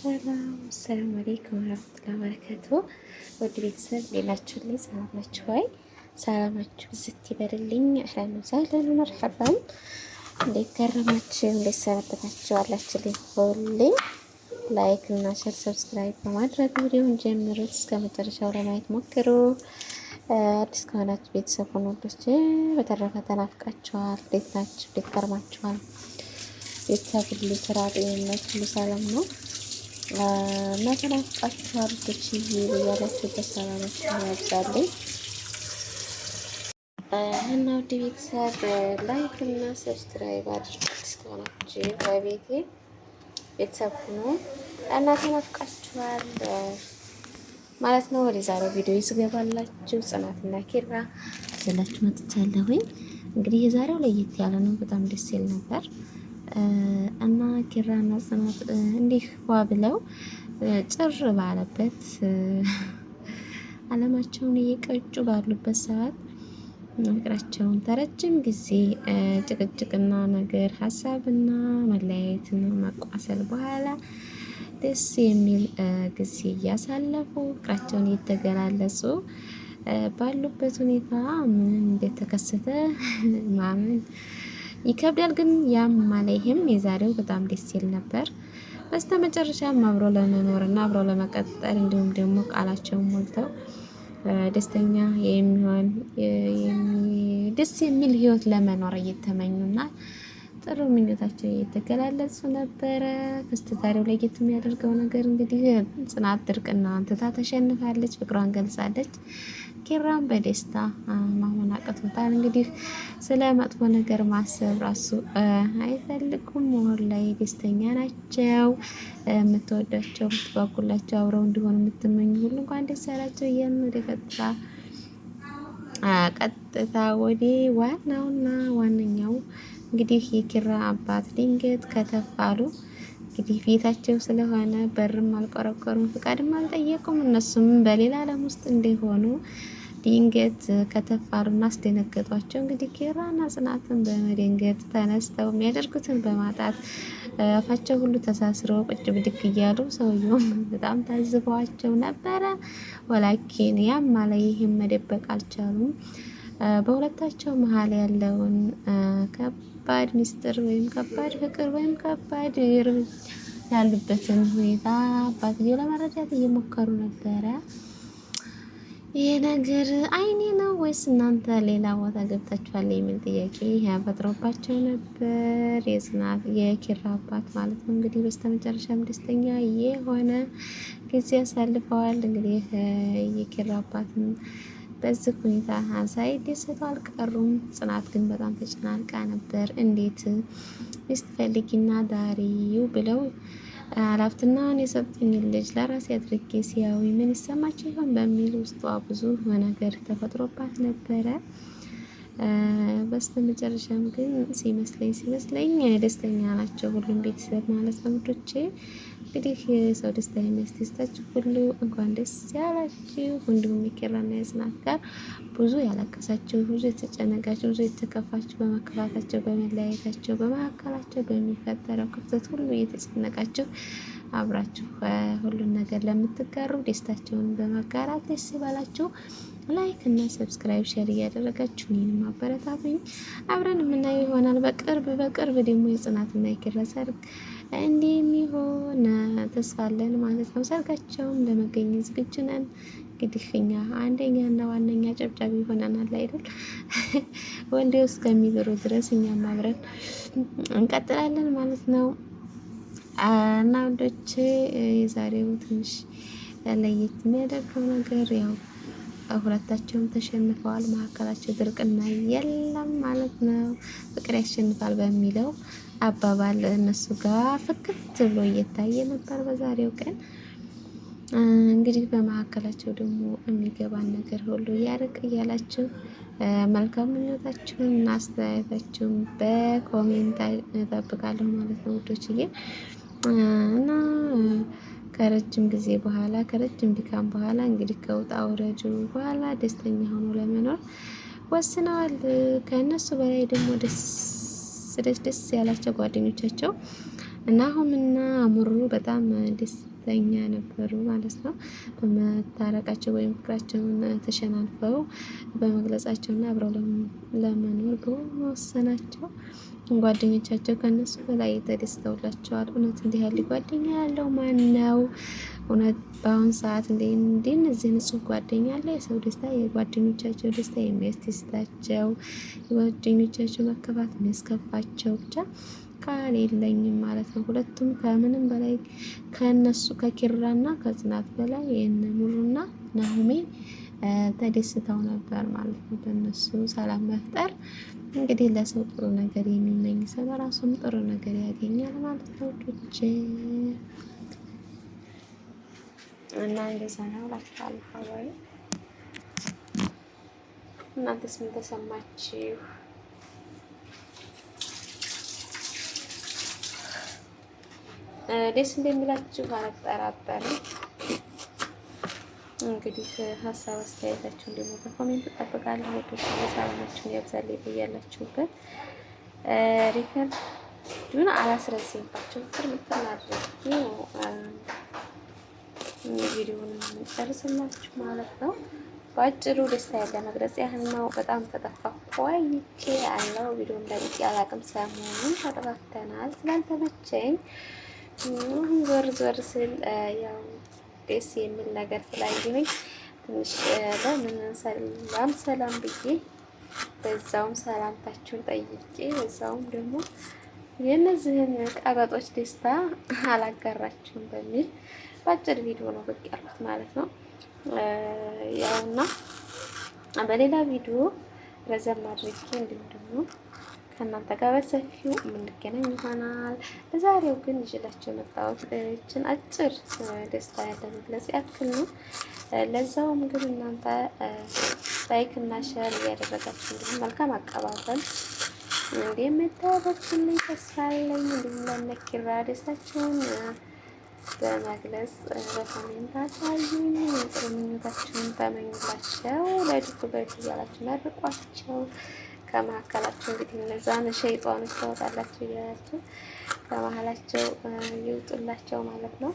ሰላም ሰላም አለይኩም ወራህመቱላሂ ወበረካቱ። ወድ ቤተሰብ ሌላችሁልኝ ሰላም ናችሁ ወይ? ሰላማችሁ ዝት ይበልልኝ። አህላን ወሰህላን መርሐባን። እንዴት ከረማችሁ? እንዴት ሰነበታችሁ? አላችሁልኝ ሁሌ ላይክ እና ሼር ሰብስክራይብ በማድረግ ቪዲዮውን ጀምሩት እስከ መጨረሻው ለማየት ሞክሩ። አዲስ ከሆናችሁ ቤተሰብ ሆኖ ወዶች፣ በተረፈ ተናፍቃችኋል። እንዴት ናችሁ? እንዴት ከረማችኋል? ቤተሰብ ሁሉ ስራ፣ ጤንነት ሁሉ ሰላም ነው? መተናፍቃችሁ አርቶች እያላችሁ በሰላማችሁ ያብዛልኝ እና ውድ ቤተሰብ ላይክ እና ሰብስክራይብ አድርጉ። እስከሆናችሁ በቤቴ ቤተሰብ ሁኑ እና ተናፍቃችኋል ማለት ነው። ወደ ዛሬው ቪዲዮ ይስገባላችሁ ጽናትና ኪራ ዘላችሁ መጥቻለሁኝ። እንግዲህ የዛሬው ለየት ያለ ነው። በጣም ደስ ይል ነበር። እና ኪራና ጽናት እንዲህ ዋ ብለው ጭር ባለበት አለማቸውን እየቀጩ ባሉበት ሰዓት ፍቅራቸውን ተረጅም ጊዜ ጭቅጭቅና ነገር ሀሳብና መለያየትና መቋሰል በኋላ ደስ የሚል ጊዜ እያሳለፉ ፍቅራቸውን እየተገላለጹ ባሉበት ሁኔታ ምን እንደተከሰተ ማመን ይከብዳል። ግን ያም ማለ ይህም የዛሬው በጣም ደስ ይል ነበር። በስተ መጨረሻም አብሮ ለመኖርና አብሮ ለመቀጠል እንዲሁም ደግሞ ቃላቸውን ሞልተው ደስተኛ የሚሆን ደስ የሚል ህይወት ለመኖር እየተመኙና ጥሩ ምኞታቸው እየተገላለጹ ነበረ። እስቲ ዛሬው ላይ የሚያደርገው ነገር እንግዲህ ጽናት ድርቅና አንትታ ተሸንፋለች፣ ፍቅሯን ገልጻለች። ኪራም በደስታ ማመን አቅቶታል። እንግዲህ ስለ መጥፎ ነገር ማሰብ ራሱ አይፈልጉም። ወር ላይ ደስተኛ ናቸው። የምትወዳቸው የምትጓጉላቸው፣ አብረው እንዲሆኑ የምትመኙ ሁሉ እንኳን ደስ ያላቸው። የምር ቀጥታ ቀጥታ ወደ ዋናውና ዋነኛው እንግዲህ የኪራ አባት ድንገት ከተፋሉ እንግዲህ ቤታቸው ስለሆነ በርም አልቆረቆሩም፣ ፍቃድም አልጠየቁም። እነሱም በሌላ ዓለም ውስጥ እንደሆኑ ድንገት ከተፋሩና አስደነገጧቸው። እንግዲህ ኪራና ጽናትን በመደንገጥ ተነስተው የሚያደርጉትን በማጣት አፋቸው ሁሉ ተሳስረው ቁጭ ብድግ እያሉ ሰውየውም በጣም ታዝበዋቸው ነበረ። ወላኪን ያም ማለ ይህም መደበቅ አልቻሉም። በሁለታቸው መሀል ያለውን ከባድ ሚስጥር ወይም ከባድ ፍቅር ወይም ከባድ ያሉበትን ሁኔታ አባትዬው ለመረዳት እየሞከሩ ነበረ። ይሄ ነገር አይኔ ነው ወይስ እናንተ ሌላ ቦታ ገብታችኋል የሚል ጥያቄ ያፈጥሮባቸው ነበር። የጽናት የኪራ አባት ማለት ነው እንግዲህ በስተመጨረሻም ደስተኛ የሆነ ጊዜ አሳልፈዋል። እንግዲህ የኪራ አባትም በዚህ ሁኔታ ሀሳይ ደሰቱ አልቀሩም። ጽናት ግን በጣም ተጨናንቃ ነበር። እንዴት ስትፈልጊና ዳሪው ብለው ሀላፍትናዋን የሰጡኝ ልጅ ለራሴ አድርጌ ሲያዊ ምን ይሰማቸው ይሆን በሚል ውስጧ ብዙ ነገር ተፈጥሮባት ነበረ። በስተ መጨረሻም ግን ሲመስለኝ ሲመስለኝ ደስተኛ ናቸው ሁሉም ቤተሰብ ማለት ነው። እንግዲህ የሰው ደስታ የሚያስደስታችሁ ሁሉ እንኳን ደስ ያላችሁ። እንዲሁም የኪራና የጽናት ጋር ብዙ ያለቀሳችሁ፣ ብዙ የተጨነቃችሁ፣ ብዙ የተከፋችሁ በመከፋታቸው፣ በመለያየታቸው፣ በመካከላቸው በሚፈጠረው ክፍተት ሁሉ እየተጨነቃችሁ አብራችሁ ሁሉን ነገር ለምትጋሩ ደስታቸውን በመጋራት ደስ ይበላችሁ። ላይክ እና ሰብስክራይብ ሼር እያደረጋችሁ እኔንም አበረታቱኝ። አብረን የምናየው ይሆናል። በቅርብ በቅርብ ደግሞ የጽናትና የኪራ ሰርግ እንደሚሆን ተስፋ አለን ማለት ነው። ሰርጋቸውም ለመገኘት ዝግጁ ነን። እንግዲህ እኛ አንደኛና ዋነኛ ጨብጫቢ ሆነናል አይደል? ወንዴ ውስጥ ድረስ እኛም አብረን እንቀጥላለን ማለት ነው። እና ወንዶቼ የዛሬው ትንሽ ለየት የሚያደርገው ነገር ያው ሁለታቸውም ተሸንፈዋል። መካከላቸው ድርቅና የለም ማለት ነው። ፍቅር ያሸንፋል በሚለው አባባል እነሱ ጋር ፍክት ብሎ እየታየ ነበር በዛሬው ቀን። እንግዲህ በመካከላቸው ደግሞ የሚገባን ነገር ሁሉ ያርቅ እያላችሁ መልካም ምኞታችሁን እና አስተያየታችሁን በኮሜንት እጠብቃለሁ ማለት ነው ውዶችዬ እና ከረጅም ጊዜ በኋላ ከረጅም ድካም በኋላ እንግዲህ ከውጣ ውረጁ በኋላ ደስተኛ ሆኖ ለመኖር ወስነዋል። ከእነሱ በላይ ደግሞ ደስ ደስ ደስ ያላቸው ጓደኞቻቸው እና አሁንና አምሩ በጣም ደስ ፍቅረኛ ነበሩ ማለት ነው። በመታረቃቸው ወይም ፍቅራቸውን ተሸናንፈው በመግለጻቸውና አብረው ለመኖር በመወሰናቸው ጓደኞቻቸው ከነሱ በላይ ተደስተውላቸዋል። እውነት እንዲህ ያለ ጓደኛ ያለው ማን ነው? እውነት በአሁን ሰዓት እንዲህ እነዚህ ንጹህ ጓደኛ አለ? የሰው ደስታ የጓደኞቻቸው ደስታ የሚያስደስታቸው የጓደኞቻቸው መከፋት የሚያስከፋቸው ብቻ ቃል የለኝም ማለት ነው። ሁለቱም ከምንም በላይ ከነሱ ከኪራና ከጽናት በላይ የነ ሙሩና ናሁሜ ተደስተው ነበር ማለት ነው። በእነሱ ሰላም መፍጠር እንግዲህ ለሰው ጥሩ ነገር የሚመኝ ሰው ለራሱም ጥሩ ነገር ያገኛል ማለት ነው። ዱቼ እና እንደዛ ነው ላችኋለሁ። እናንተስ ምን ተሰማችሁ? ደስ እንደሚላችሁ አልጠራጠርም። እንግዲህ ሀሳብ አስተያየታችሁን ደግሞ በኮሜንት እጠብቃለሁ። ወዶች ሰላማችሁን ያብዛልኝ ብያላችሁበት ሪከርዱን አላስረዝምባችሁ ትርምትር አድርጌ ቪዲዮውን ጨርስላችሁ ማለት ነው። በአጭሩ ደስታ ያለ መግለጽ ያህል ነው። በጣም ተጠፋ ቆይቼ ያለው ቪዲዮ እንዳልቅ አላቅም። ሰሞኑን ተጠፋፍተናል ስላልተመቸኝ ዞር ዞር ስል ያው ደስ የሚል ነገር ስላየሁኝ ትንሽ ለምን ሰላም ሰላም ብዬ በዛውም ሰላምታችሁን ጠይቄ በዛውም ደግሞ የእነዚህን ቀበጦች ደስታ አላጋራችሁም በሚል በአጭር ቪዲዮ ነው ብቅ ያልኩት ማለት ነው። ያውና በሌላ ቪዲዮ ረዘም አድርጌ እንዲሁም ደግሞ ከእናንተ ጋር በሰፊው የምንገናኝ ይሆናል። ለዛሬው ግን ይዤላችሁ የመጣሁት ይችን አጭር ደስታ ያለ መግለጽ ያክል ነው። ለዛውም ግን እናንተ ላይክ እና ሸር እያደረጋችሁ እንዲሁም መልካም አቀባበል እንደምታደርጉልኝ ተስፋ አለኝ። እንዲሁም ለነኪራ ደስታችሁን በመግለጽ በኮሜንት አሳዩኝ። ጥሩ ምኞታችሁን ተመኙላቸው። ለድኩ በድ እያላችሁ መርቋቸው። ከመካከላቸው እንግዲህ እነዛን ሸይጣኖች ታወጣላቸው እያላቸው ከመሀላቸው ይውጡላቸው ማለት ነው።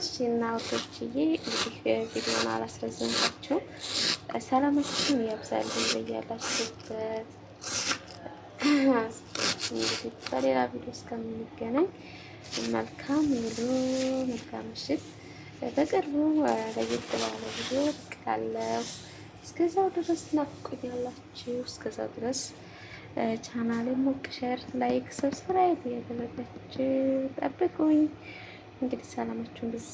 እሺ እና ወቶችዬ እንግዲህ ቪዲዮን አላስረዝምባቸው። ሰላማችን ያብዛልን በያላችሁበት። እንግዲህ በሌላ ቪዲዮ እስከምንገናኝ መልካም ሙሉ መልካም ምሽት። በቅርቡ ለየት ባለ ቪዲዮ ብቅ አለው። እስከዛው ድረስ እናፍቆኛላችሁ። እስከዛው ድረስ ቻናሌን ሞቅ፣ ሸር፣ ላይክ፣ ሰብስክራይብ እያደረጋችሁ ጠብቁኝ። እንግዲህ ሰላማችሁን ብዝ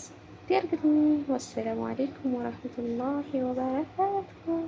ያርግልኝ። ወሰላሙ አሌይኩም ወረህመቱላሂ ወበረካቱ